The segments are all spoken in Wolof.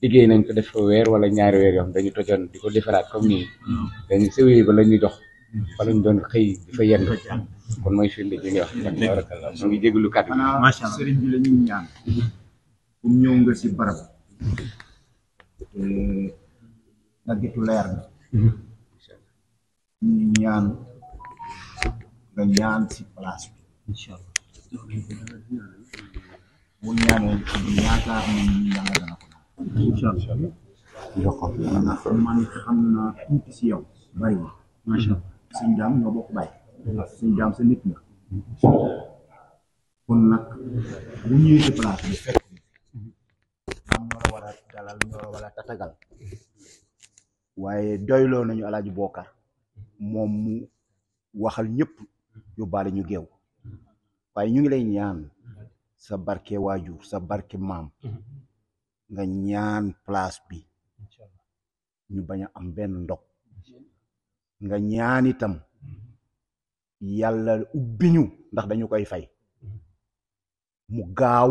liggéey nañ ko def weer wala ñaari weer yoon dañu tojoon di ko defaraat comme nii dañu sewee ba la ñuy dox fa lañ doon xëy di fa yenn kon mooy firnde mu ngi jégalu kàddu macha bi la ñuy ñaan nga ñaan si place mun ñaanal yaakaar nañu yàlla dana ko moom mu waxal ñëpp yóbbaale ñu géew waaye ñu ngi lay ñaan sa barke waajur sa barke maam mm-hmm. nga ñaan place bi ñu bañ a am benn ndog nga ñaan itam mm-hmm. yàlla ubbi ñu ndax dañu koy fay mm-hmm. mu gaaw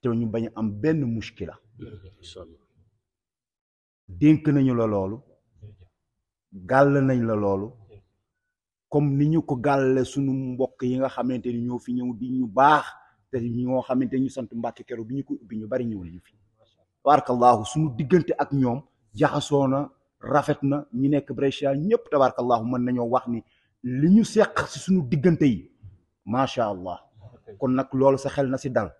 te ñu bañ am benn muskila dénk nañu la loolu gàll nañ la loolu comme ni ñu ko gàlle suñu mbokk yi nga xamante ni ñoo fi ñëw di ñu baax te ñoo xamante ñu sant Mbàkke keroog bi ñu ko ubbi ñu bari ñëw nañu fi tabarakallahu suñu diggante ak ñoom jaxasoo na rafet na ñu nekk Brescia ñëpp tabarakallahu mën nañoo wax ni li ñu seq si suñu diggante yi macha allah kon nag loolu sa xel na si dal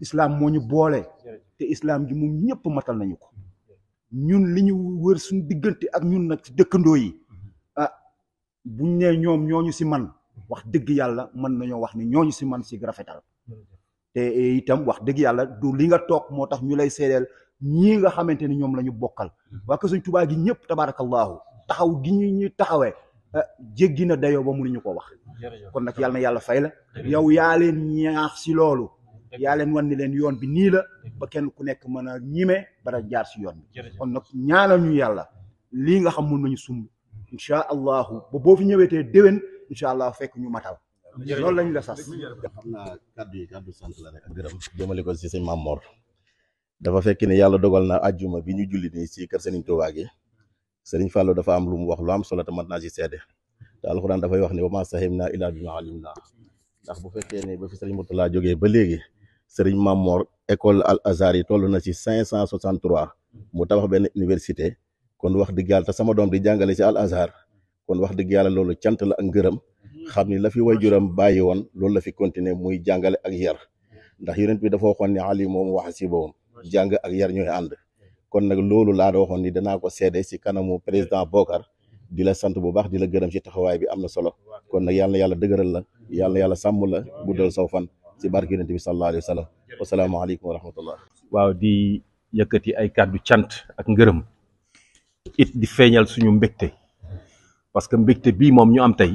islam moo ñu boole te islaam ji moom ñëpp matal nañu ko ñun li ñu wër suñu diggante ak ñun nag si dëkkandoo yi bu buñ nee ñoom ñooñu si man wax dëgg yàlla mën nañoo wax ni ñooñu si man si rafetal te eh, itam wax dëgg yàlla du li nga toog moo tax ñu lay seedeel ñii nga xamante ni ñoom la ñu bokkal mhm. waa ko suñ tubaa gi ñëpp tabaarakallaahu taxaw gi ñu ñu taxawee eh, jéggi na dayoo ba mënuñu ko wax kon nag yàlla na yàlla fay la yow yaa leen ñaax si loolu yaa leen wan ni leen yoon bi nii la ba kenn ku nekk mën a ñime bara jaar si yoon bi kon nag ñaanal ñu yàlla lii nga xam mun nañu sumb incha allahu ba boo fi ñëwetee déwén incha allah fekk ñu matal loolu lañ la sas xam naa kàddu yi kàddu sant la rek gërëm jëmale ko si sëñ dafa fekk ne yàlla dogal na ajjuma bi ñu julli nii si kër Serigne Touba gi Serigne Fallou dafa am lu mu wax lu am solo te mat naa si seede te alxuraan dafay wax ne wa maa sahimnaa illaa bimaa alimnaa ndax bu fekkee ne ba fi Serigne Mourtala jógee ba léegi Serigne Maam école Al Azhar yi toll na si cinq cent soixante trois mu tabax benn université kon wax dëgg yàlla te sama doom di jàngale si al azhar kon wax dëgg yàlla loolu cant la ak ngërëm xam ni la fi waajuram bàyyi woon loolu la fi continuer muy jàngale ak yar ndax yonent bi dafa waxoon ne ali moom wax si boobam jàng ak yar ñooy ànd kon nag loolu laa waxoon ni danaa ko seede si kanamu président Bokar di la sant bu baax di la gërëm si taxawaay bi am na solo kon nag yàlla yàlla dëgëral la yàlla yàlla sàmm la guddal saw fan si barke yonent bi sallallahu alayhi wa sallam wasalaamaaleykum wa rahmatullah waaw di yëkkati ay kàddu cant ak ngërëm it di feeñal suñu mbégte parce que mbégte bii moom ñu am tey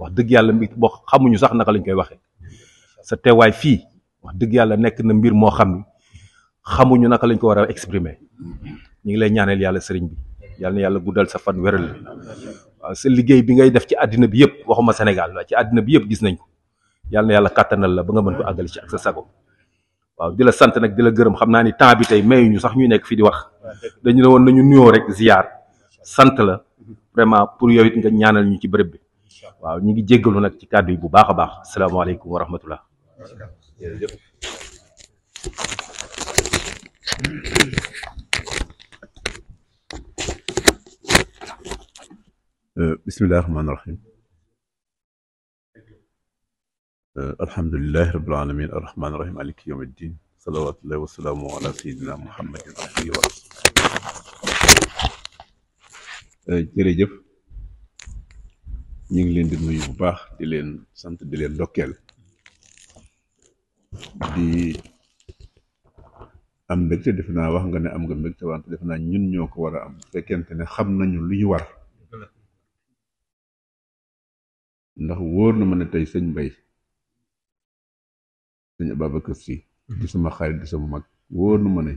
wax dëgg yàlla mbégte boo xamuñu sax naka lañ koy waxee sa teewaay fii wax dëgg yàlla nekk na mbir moo xam ni xamuñu naka lañ ko war a exprimer ñu ngi lay ñaanal yàlla sëriñ bi yàlla na yàlla guddal sa fan wéral waaw sa liggéey bi ngay def ci àddina bi yëpp waxuma Sénégal waaye ci àddina bi yëpp gis nañ ko yàlla yàlla kàttanal la ba nga mën ko àggali ci ak sa sago waaw di la sant nag di la gërëm xam naa ni temps bi tey ñu sax ñu nekk fi di wax dañu la woon nañu nuyoo rek ziar sant la vraiment pour yow it nga ñaanal ñu ci bërëb bi waaw ñu ngi jéggalu nag ci kàddu yi bu baax baax asalaamaaleykum wa rahmatullah euh, bismillah rahmaani alhamdulilahi rabbil alamin arrahman irrahim maliki yawm iddin salawatullahi wasalaamu ala sayidina wa jërëjëf ñu ngi leen di nuyu bu baax di leen sant di leen ndokkeel am mbégte defe naa wax nga ne am nga mbégte wante defe ñun ñoo ko fekkente ne xam nañu lu ñu war ndax wóor na ma ne tey sëñ Mbay sëñ Ababacar Si di mhm. sama xarit di sama mag wóor na ma ne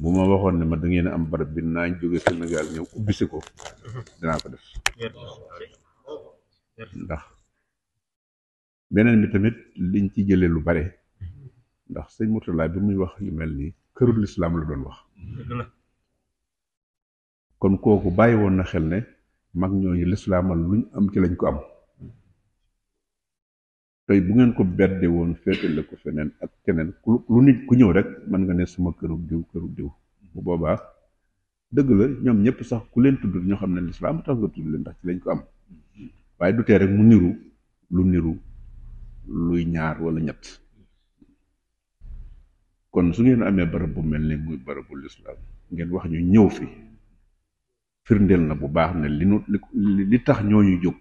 bu ma waxoon ne ma da ngeen am barab bi naa jóge Sénégal ñëw ubbisi ko mhm. dinaa ko def ndax beneen bi tamit liñ ci jëlee lu bare mhm. ndax sëñ Murtala bi muy wax yu mel nii kërul lislaam la doon wax kon kooku bàyyi woon na xel ne mag ñooñu lislaamal luñ am ci lañ ko am tey bu ngeen ko bedde woon féetale ko feneen ak keneen lu nit ku ñëw rek mën nga ne suma këru diw këru diw bu boobaa dëgg la ñoom ñëpp sax ku leen tudd ñoo xam ne li tax nga tudd leen ndax ci ko am waaye du tee mu niru lu niru luy ñaar wala ñett kon su ngeen amee barab mel ni muy barabu lislaam ngeen wax ñu ñëw fi firndeel na bu baax ne li li tax ñoo ñu jóg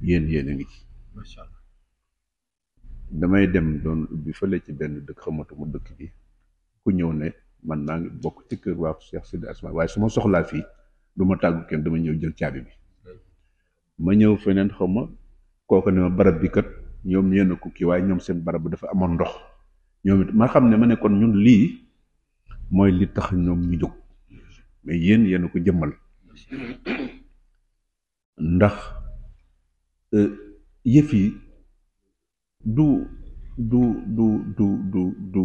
yéen yéen a ngi ci. damay dem doon ubbi fële ci benn dëkk xamatuma dëkk bi ku ñëw ne man naa ngi bokk ci kër waa Cheikh Sidi Asma waaye su ma soxlaa fii du ma tàggu kenn dama ñëw jël caabi bi ma ñëw feneen xaw ma kooku ne ma barab bi kat ñoom ñeen ko kii waaye ñoom seen barab bi dafa amoon ndox ñoom it ma xam ne ma ne kon ñun lii mooy li tax ñoom ñu jóg mais yéen yéen a ko jëmmal ndax euh, yëf yi du du du du du du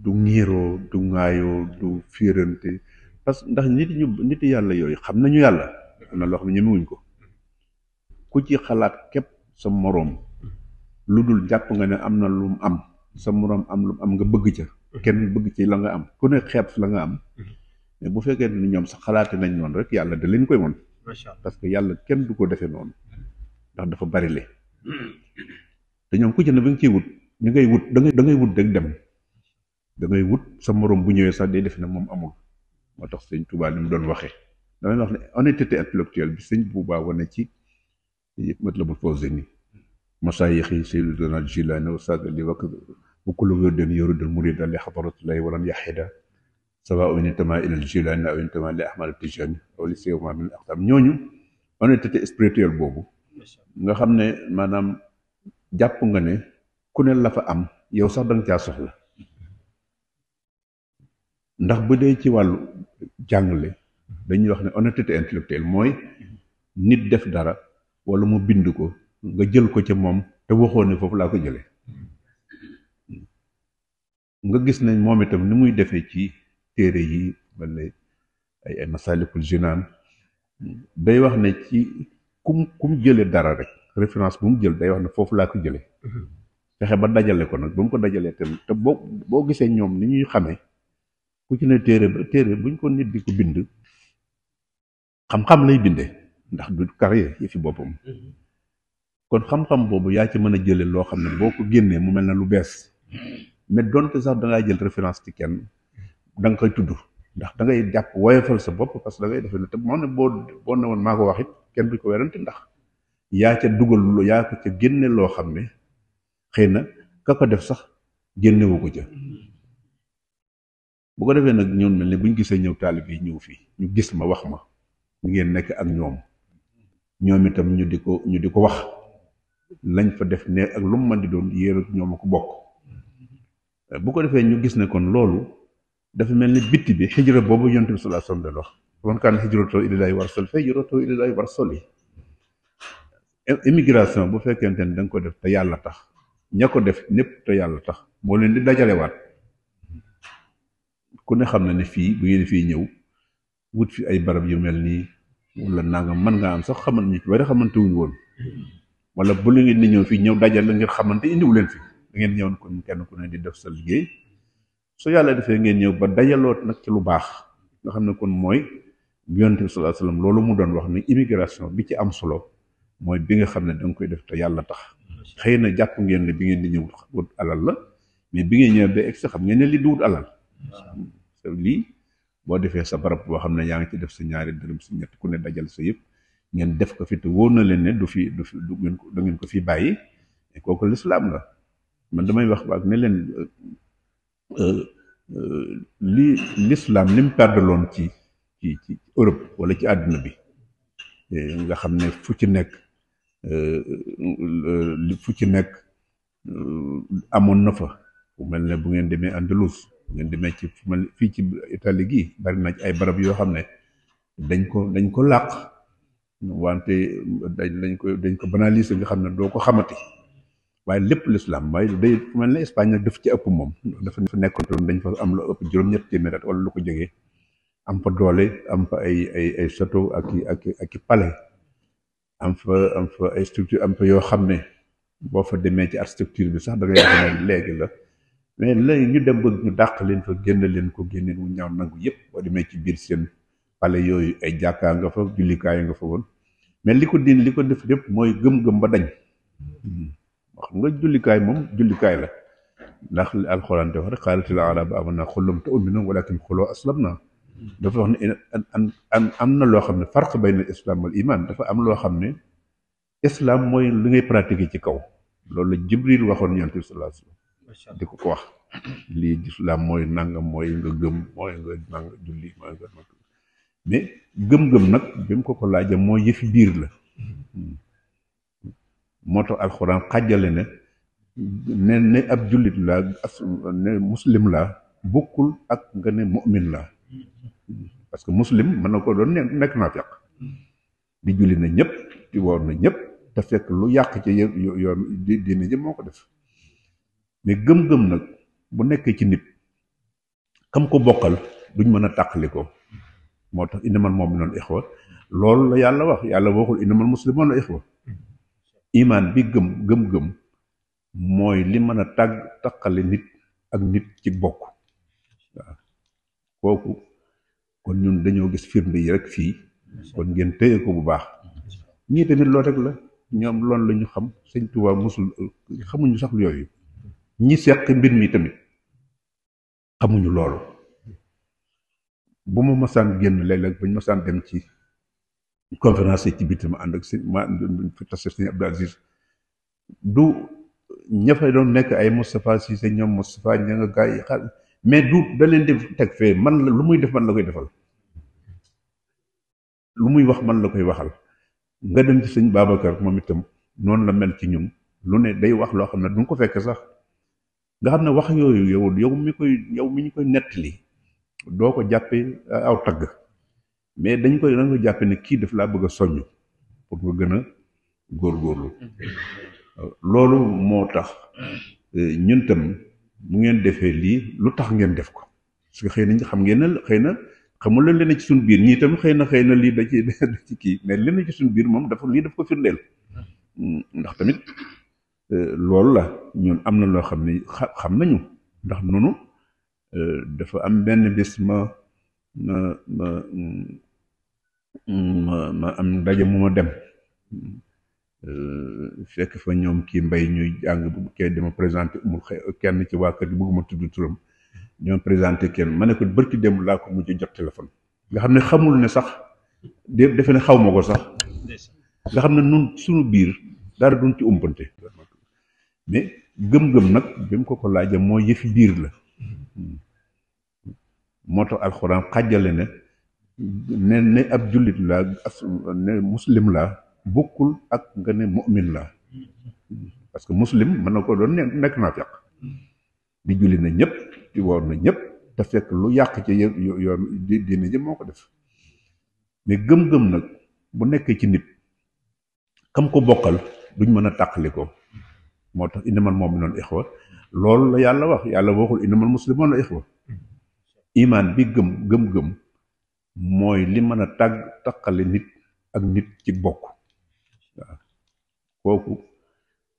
du ñiiroo du ŋaayoo du fiirante parce que ndax nit ñu nit yàlla yooyu xam nañu yàlla am na loo xam ne ñemewuñ ko ku ci xalaat képp sa moroom lu dul jàpp nga ne am na lu mu am sa moroom am lu am nga bëgg ca kenn bëgg ci la nga am ku ne xeeb la nga am mais bu fekkee ne ñoom sax xalaate nañ noonu rek yàlla da leen koy woon parce que yàlla kenn du ko defee noonu ndax dafa bari le te ñoom ku ci ne ba nga ciy wut ñu ngay wut da ngay da ngay wut rek dem da ngay wut sa morom bu ñëwee sax day def ne moom amul moo tax sëñ Touba li mu doon waxee damay wax ne honnêteté intellectuelle bi sëñ Touba wane ci Matlabul Fawzayni masaayix yi Sayyidina Jilaani wa Saad li wakk bu kullu wirdin yuridul murida li xadaratillahi walan yaxida sawaa'un intamaa ilal Jilaani aw intamaa li Ahmad Tijaani aw li siwa min aqtaam ñooñu honnêteté spirituelle boobu nga xam ne maanaam jàpp nga ne ku ne la fa am yow sax danga caa soxla ndax bu dee ci wàllu jàngale dañuy wax ne honnêteté intellectuelle mooy nit def dara walla mu bind ko nga jël ko ca moom te waxoo ne foofu laa ko jëlee nga gis nañ moom itam ni muy defee ci téere yi ma ay ay masalikul jinaan day wax ne ci kum kum jële dara rek référence bu mu jël day wax ne foofu laa ko jëlee fexe ba dajale ko nag ba mu ko dajalee tam te boo boo gisee ñoom ni ñuy xamee ku ci ne téere ba téere buñ ko nit di ko bind xam-xam lay bindee ndax du carrière yi fi boppam kon xam-xam boobu yaa ci mën a jëlee loo xam ne boo ko génnee mu mel na lu bees mais donte sax da ngaa jël référence ci kenn da nga koy tudd ndax da ngay jàpp woyofal sa bopp parce que da ngay defe ne te moo ne boo boo ne woon maa ko wax it kenn du ko werante ndax yaa ca dugal lu yaa ko ca génne loo xam ne xëy na ka ko def sax génnewu ko ca bu ko defee nag ñoom mel ne buñ gisee ñëw taalib yi ñëw fii ñu gis ma wax ma ñu ngeen nekk ak ñoom ñoom itam ñu di ko ñu di ko wax lañ fa def ne ak lu mu mën di doon yéen ñoom a ko bokk bu ko defee ñu gis ne kon loolu dafa mel ni bitti bi xijra boobu yonent bi sallallahu alayhi wasallam wax man kaana hijratuhu ilallaahi wa rasuulihi fa hijratuhu ilallaahi wa rasuulihi immigration bu fekkente ne da ko def te yàlla tax ña ko def ñëpp te yàlla tax moo leen di dajalewaat ku ne xam na ni fii bu ngeen fii ñëw wut fi ay barab yu mel nii wala nangam mën nga am sax xamal ñu ci bari xamante woon wala bu la ngeen ni ñëw fii ñëw dajal la ngeen xamante indiwu leen fi da ngeen ñëwoon kon kenn ku ne di def sa liggéey su yàlla defee ngeen ñëw ba dajaloot nag ci lu baax nga xam ne kon mooy yonent bi loolu mu doon wax ni immigration bi ci am solo. mooy bi nga xam ne da koy def te yàlla tax xëy na jàpp ngeen ne bi ngeen di ñëw wut alal la mais bi ngeen ñëw ba egg xam ngeen ne li du wut alal lii boo defee sa barab boo xam ne yaa ngi ci def sa ñaari dërëm sa ñett ku ne dajal sa yëpp ngeen def ko fi te na leen ne du fi du fi du ngeen ko da ngeen ko fi bàyyi kooku lislaam la man damay wax baag ne leen euh, euh, li lislaam li mu loon ci ci ci Europe wala ci àdduna bi eh, nga xam ne fu ci nekk fu ci nekk amoon na fa bu mel ne bu ngeen demee Andalus bu ngeen demee ci fu fii ci Italie gi bari ay barab yoo xam ne dañ ko dañ ko làq wante dañ dañ ko dañ ko banaliser nga xam ne doo ko xamati waaye lépp l'islam waaye day fu mel ne Espagne nag daf ci ëpp moom dafa fa nekkoon dañ fa am lu ëpp juróom-ñett téeméer at wala lu ko jege am fa doole am fa ay ay ay château ak i ak i ak i am fa am fa ay structure am fa yoo xam ne boo fa demee ci architecture bi sax da ngay wax léegi la mais léegi ñu dem ba ñu dàq leen fa génn leen ko génneen wu ñaaw nangu yëpp boo demee ci biir seen pale yooyu ay jàkkaa nga fa jullikaay nga fa woon mais li ko diin li ko def lépp mooy gëm-gëm ba dañ xam hmm. nga jullikaay moom jullikaay la ndax alxuraan dafa rek xaalatil arab amanna xullum te uminum walakin xuloo aslam naa dafa wax ne am na loo xam ne farq bayna islam wal iman dafa am loo xam ne islam mooy li ngay pratiquer ci kaw loolu la jibril waxoon yonent bi sallallahu di ko ko wax lii islam mooy nangam mooy nga gëm mooy nga nang julli mooy biir la tax alxuraan xàjjale ne ne ab jullit laa ne muslim laa bokkul ak nga ne mu'min laa parce que muslim mën na koo doon nekk naa fekk di julli na ñëpp di na ñëpp te fekk lu yàq ci yoon diine ji moo ko def mais gëm-gëm nag bu nekkee ci nit kam ko bokkal duñ mën a tàqali ko moo tax man innamal mu'minuuna ixwa loolu la yàlla wax yàlla waxul innamal muslimuuna ixwa imaan bi gëm gëm-gëm mooy li mën a tàgg taqali nit ak nit ci bokk kooku kon ñun dañoo gis firme yi rek fii kon ngeen téye ko bu baax ñii tamit loolu rek la ñoom loolu la ñu xam sëñ Tuubaa musul xamuñu sax yooyu ñi seq mbir mi tamit xamuñu loolu bu ma masaan génn léeg-léeg bañ masaan dem ci conférence ci biir ma ànd ak sëñ ma tase sëñ Abdou du ña fa doon nekk ay Moustapha Cissé ñoom Moustapha ña mais du da di teg fee man la lu muy def man la koy defal lu muy wax man la koy waxal nga dem ci sëñ Babacar moom itam noonu la mel ci ñun lu ne day wax loo xam ne duñ ko fekk sax nga xam ne wax yooyu yow yow mi koy yow mi ñu koy nettali doo ko jàppee aw tagg mais dañ koy dañ ko jàppee ne kii def laa bëgg a soññ pour nga gën a góorgóorlu mm-hmm. loolu moo tax eh, ñun tam bu ngeen defee lii lu tax ngeen def ko parce que xëy na xam ngeen xëy na xamul leen leneen ci suñu biir ñii tam xëy na xëy na lii da ci ci kii mais leneen ci suñu biir moom dafa lii daf ko firndeel mm, ndax tamit euh, loolu la ñun am na loo xam ne xam nañu ndax noonu euh, dafa am benn bis ma ma mm, mm, ma ma am ndaje mu ma dem Euh, fekk fa ñoom kii mbay ñuy jàng kenn dama présenté umul xe kenn ci waa kër gi bëgguma tudd turam ñoom présenté kenn ma ne ko bërki dem laa ko mujj jot téléphone nga xam ne xamul ne sax de defe ne xaw ma ko sax nga xam ne nun suñu biir dara duñ ci umpante mais gëm-gëm nag bi mu ko ko laajee moo yëfi biir la moo tax alxuraan xajale ne ne ne ab jullit laa ne muslim laa bokkul ak nga ne mu'min la parce que muslim mën na koo doon nekk naafeq bi julli na ñëpp ci woor na ñëpp te fekk lu yàq ci yoon diine ji moo ko def mais gëm-gëm nag bu nekkee ci nit kam ko bokkal duñ mën a tàqali ko moo tax man innamal mu'minuuna ixwa loolu la yàlla wax yàlla waxul innamal muslimuuna ixwa imaan bi gëm gëm-gëm mooy li mën a tàgg taqale nit ak nit ci bokk kooku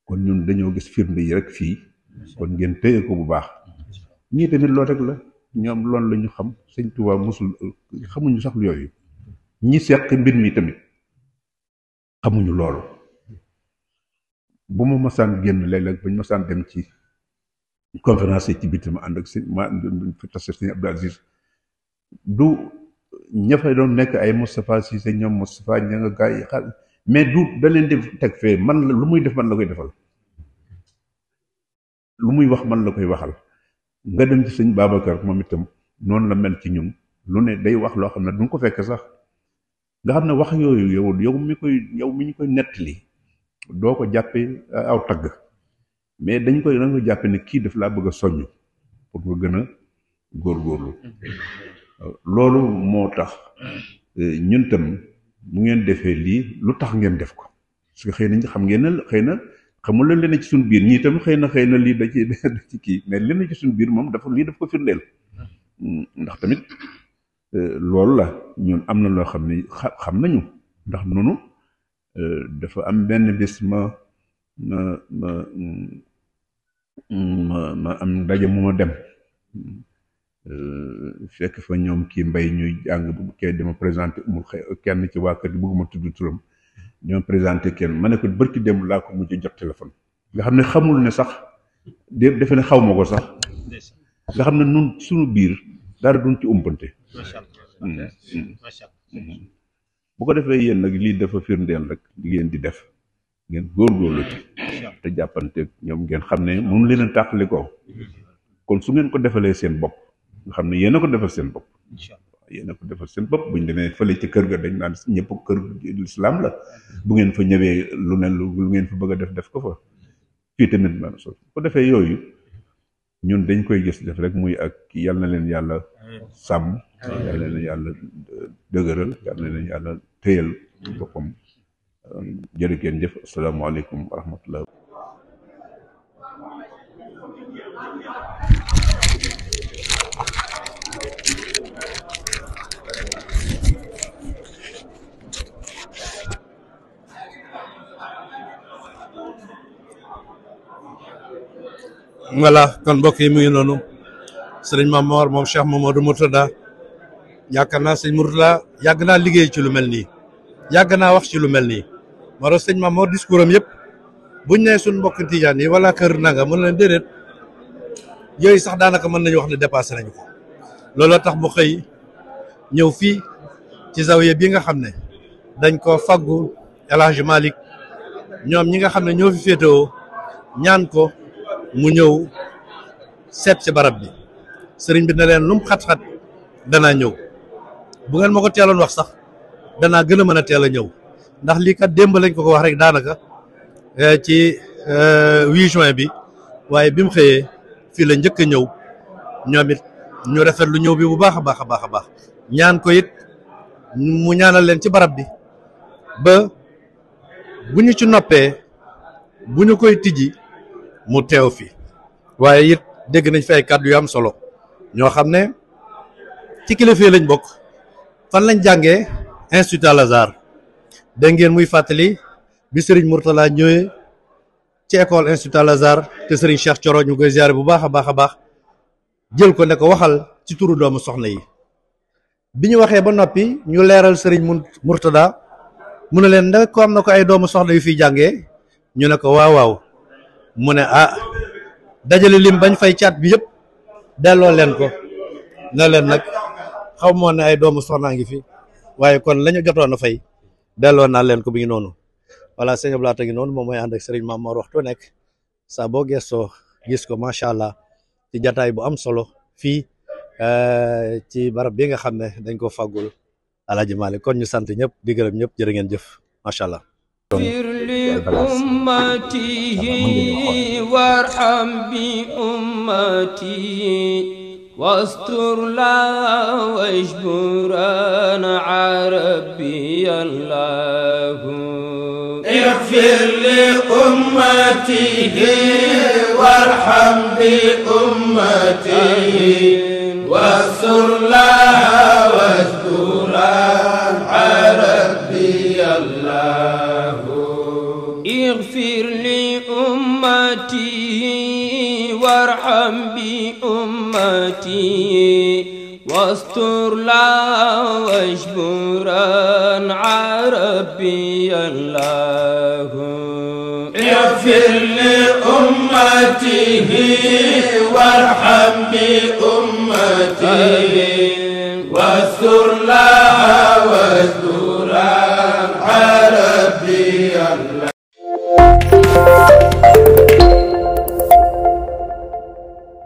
kon ñun dañoo gis firnde yi rek fii kon ngeen téye ko bu baax ñii tamit loolu rek la ñoom loolu lañu xam sëñ Tuubaa musul xamuñu sax yooyu ñi seq mbir mi tamit xamuñu loolu bu ma masaan génn léeg-léeg ba ñu dem ci conférence yi ci biti ma ànd ak sëñ ma tase sëñ Abdou Aziz du ña doon nekk ay Moustapha Cissé ñoom Moustapha ña nga gaay mais du da leen di teg fee man la lu muy def man la koy defal lu muy wax man la koy waxal nga dem ci sëñ Babacar moom itam noonu la mel ci ñun lu ne day wax loo xam ne duñ ko fekk sax nga xam ne wax yooyu yow yow mi koy yow mi ñu koy nettali doo ko jàppee aw tagg mais dañ koy dañ ko jàppe ne kii def laa bëgg a soññ pour nga gën a góorgóorlu mm-hmm. loolu moo tax euh, ñun tam bu ngeen defee lii lu tax ngeen def ko parce que xëy na xam ngeen xëy na xamul leen leen ci suñ biir ñii tam xëy na xëy na lii da ci kii mais leen ci suñu biir moom dafa lii daf ko firndeel hmm, ndax tamit euh, loolu la ñoom am na loo xam ne xam nañu ndax noonu euh, dafa am benn bis ma ma ma ma am ndaje mu ma dem Euh, fekk fa ñoom kii mbay ñuy jàng bu kii dama présenté mu kenn ci waa kër gi bëgguma tudd turam dama présenté kenn ma ne ko bërki dem laa ko mujj jot téléphone nga xam ne xamul ne sax de defe ne xaw ma ko sax nga xam ne nun suñu biir dara duñ ci umpante mm, mm. Mm. bu ko defee yéen nag lii dafa firndeel rek li ngeen di def ngeen góorgóorlu ci te jàppante ñoom ngeen xam ne mënu leen a tàqali ko kon su ngeen ko defalee seen bopp nga xam ne yéen a ko defal seen bopp. yéen a ko defal seen bopp bu ñu demee fële ca kër ga dañ naan ñëpp kër lislaam la bu ngeen fa ñëwee lu ne lu ngeen fa bëgg a def def ko fa fii tamit man so ko defee yooyu ñun dañ koy gis def rek muy ak yal na leen yàlla sàmm. yal na leen yàlla euh, dëgëral yal na leen yàlla téyal boppam jërë ngeen jëf asalaamaaleykum wa rahmatullah voilà kon mbokk yi mu ngi noonu sëriñ Mame Mor moom Cheikh Mamadou Mourtada yaakaar naa sëñ Mourtada yàgg naa liggéey ci lu mel nii yàgg naa wax ci lu mel nii moo tax sëñ Mame Mor discours am yëpp buñ ne suñ mbokk tijaan yi wala kër nanga mën leen déedéet yooyu sax daanaka mën nañu wax ne dépassé nañu ko looloo tax mu xëy ñëw fii ci zawiya bi nga xam ne dañ koo faggu El ñoom ñi nga xam ne ñoo fi ñaan ko mu ñëw seet ci barab bi sëriñ bi ne leen lum xat-xat danaa ñëw bu ngeen ma ko teeloon wax sax danaa gën a mën a teel a ñëw ndax lii kat démb lañ ko ko wax rek daanaka eh, ci 8 eh, juin bi waaye bi mu xëyee fii la njëkk a ñëw ñoom it ñu rafet lu ñëw bi bu baax a baax a baax a baax ñaan ko yit mu ñaanal leen ci barab bi ba bu ñu ci noppee bu ñu koy tijji mu teew fi waaye it dégg nañ fi ay kàddu yu am solo ñoo xam ne ci kilifa yi lañ bokk fan lañ jàngee institut Al Azhar dégg ngeen muy fàttali bi Serigne Mourtala ñëwee ci école institut Al te Serigne Cheikh Thioro ñu koy ziare bu baax a baax a baax jël ko ne ko waxal ci turu doomu soxna yi bi ñu waxee ba noppi ñu leeral Serigne Mourtada mu ne leen ndax ko am na ko ay doomu soxna yu fiy jànge ñu ne ko waaw mu ne ah dajale lim bañ fay caat bi yëpp delloo leen ko ne leen nag xaw moo ne ay doomu soxnaa ngi fi waaye kon la ñu jotoon a fay delloo naa leen ko bi ngi noonu voilà sëñ Abdou Lahad a ngi noonu moom mooy ànd ak sëriñ Mame Mor nekk saa boo gëstoo gis ko macha allah ci jataay bu am solo fii eh, ci barab bi nga xam ne dañ ko fàggul Alaaji Maalik kon ñu sant ñëpp di ñëpp jërë ngeen jëf macha allah بأمته وارحم بأمته واستر لا واجبران عربي الله اغفر لأمته وارحم بأمته واستر لا واجبران اغفر لأمتي وارحم بأمتي واستر لا واجبرا عربي الله اغفر لأمته وارحم بأمته واستر